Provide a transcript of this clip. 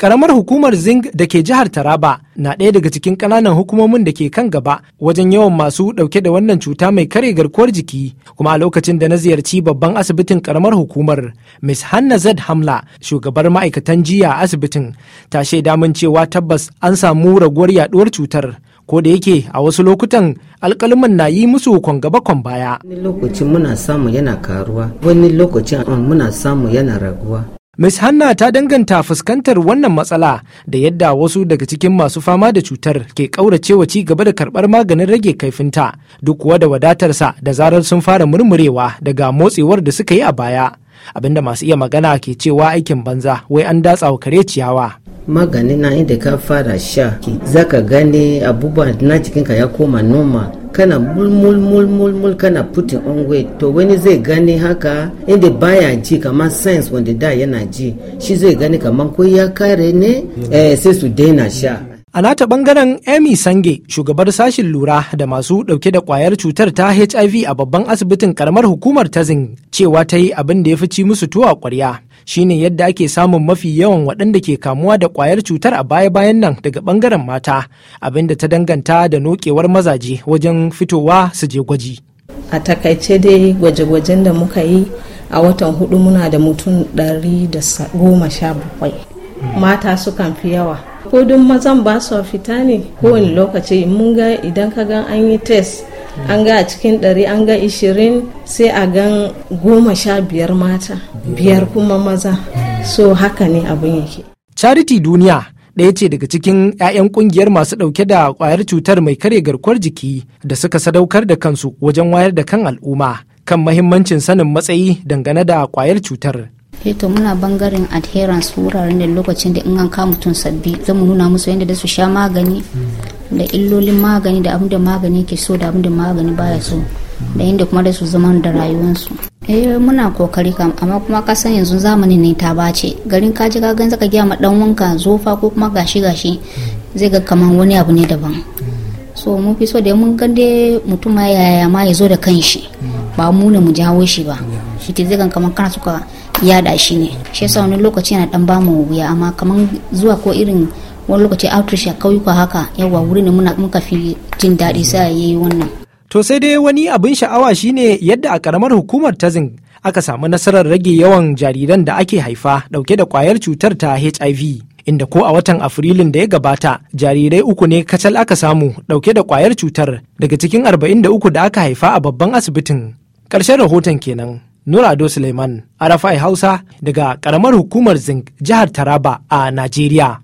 Karamar hukumar Zing da ke jihar Taraba na ɗaya daga cikin ƙananan hukumomin da ke kan gaba wajen yawan masu ɗauke da wannan cuta mai kare garkuwar jiki. Kuma a lokacin da na ziyarci babban asibitin karamar hukumar, Miss Hanna Z Hamla, shugabar ma'aikatan jiya a asibitin, ta shaida min cewa tabbas an samu raguwar yaɗuwar cutar. Ko da yake a wasu lokutan alƙaluman na yi musu kwan gaba kwan baya. Wani lokaci muna samu yana karuwa, wani lokaci um, muna samu yana raguwa. Ms. Hanna ta danganta fuskantar wannan matsala da yadda wasu daga cikin masu fama da cutar ke ƙauracewa ci gaba da karbar maganin rage kaifinta duk kuwa da wadatarsa da zarar sun fara murmurewa daga motsewar da suka yi a baya. Abinda masu iya magana ke cewa aikin banza wai an datsa wa kare ciyawa. Magani na inda ka fara sha, zaka gane abubuwa na cikinka ya koma noma kana mulmulmulmul kana putin on weight to wani zai gani haka inda baya ji kamar science wanda da yana ji shi zai gani kamar ko ya kare ne eh, sai su daina sha A nata bangaren Amy Sange, shugabar sashin lura da masu dauke da kwayar cutar ta HIV a babban asibitin karamar hukumar Tazin cewa ta yi abin da ya fi ci musu tuwa kwarya. shine yadda ake samun mafi yawan waɗanda ke kamuwa da ƙwayar cutar a baya-bayan nan daga ɓangaren mata abinda ta danganta da nokewar mazaje wajen fitowa su je gwaji. A takaice dai gwaje-gwajen da muka yi a watan hudu muna da mutum ɗari da goma sha bakwai. Mata sukan fi yawa. Ko duk mazan ba su fita ne kowane lokaci mun ga idan ka gan an yi test an ga a cikin ɗari an ga ishirin sai a gan goma sha biyar mata biyar kuma maza so haka ne abin yake charity duniya ɗaya ce daga cikin 'ya'yan ƙungiyar masu ɗauke da kwayar cutar mai kare garkuwar jiki da suka sadaukar da kansu wajen wayar da kan al'umma kan mahimmancin sanin matsayi dangane da kwayar cutar eh to muna bangaren adherence wuraren da lokacin da in an kama mutum sabbi zan nuna musu yadda da su sha magani da illolin magani da abinda magani ke so da abinda magani baya so da inda kuma da su zaman da rayuwarsu eh muna kokari kam amma kuma ka san yanzu zamani ne ta bace garin kaji ka gan zaka giya ma dan wanka zofa ko kuma gashi gashi zai ga kaman wani abu ne daban so mun fi so da mun gan dai mutum ma yaya ma ya zo da kanshi ba mu ne mu jawo shi ba shi ke zai gan kaman kana suka yada shi ne shi yasa wani lokaci yana dan bamu wuya amma kaman zuwa ko irin wani lokaci outreach a kauyuka haka yawa wuri ne muka fi jin daɗi sa yayi wannan to sai dai wani abin sha'awa shine yadda a karamar hukumar ta zin aka samu nasarar rage yawan jariran da ake haifa ɗauke da kwayar cutar ta HIV inda ko a watan afrilun da ya gabata jarirai uku ne kacal aka samu ɗauke da kwayar cutar daga cikin 43 da aka haifa a babban asibitin ƙarshen rahoton kenan Nurado Suleiman, Arafai Hausa daga ƙaramar hukumar Zink, jihar Taraba a Najeriya.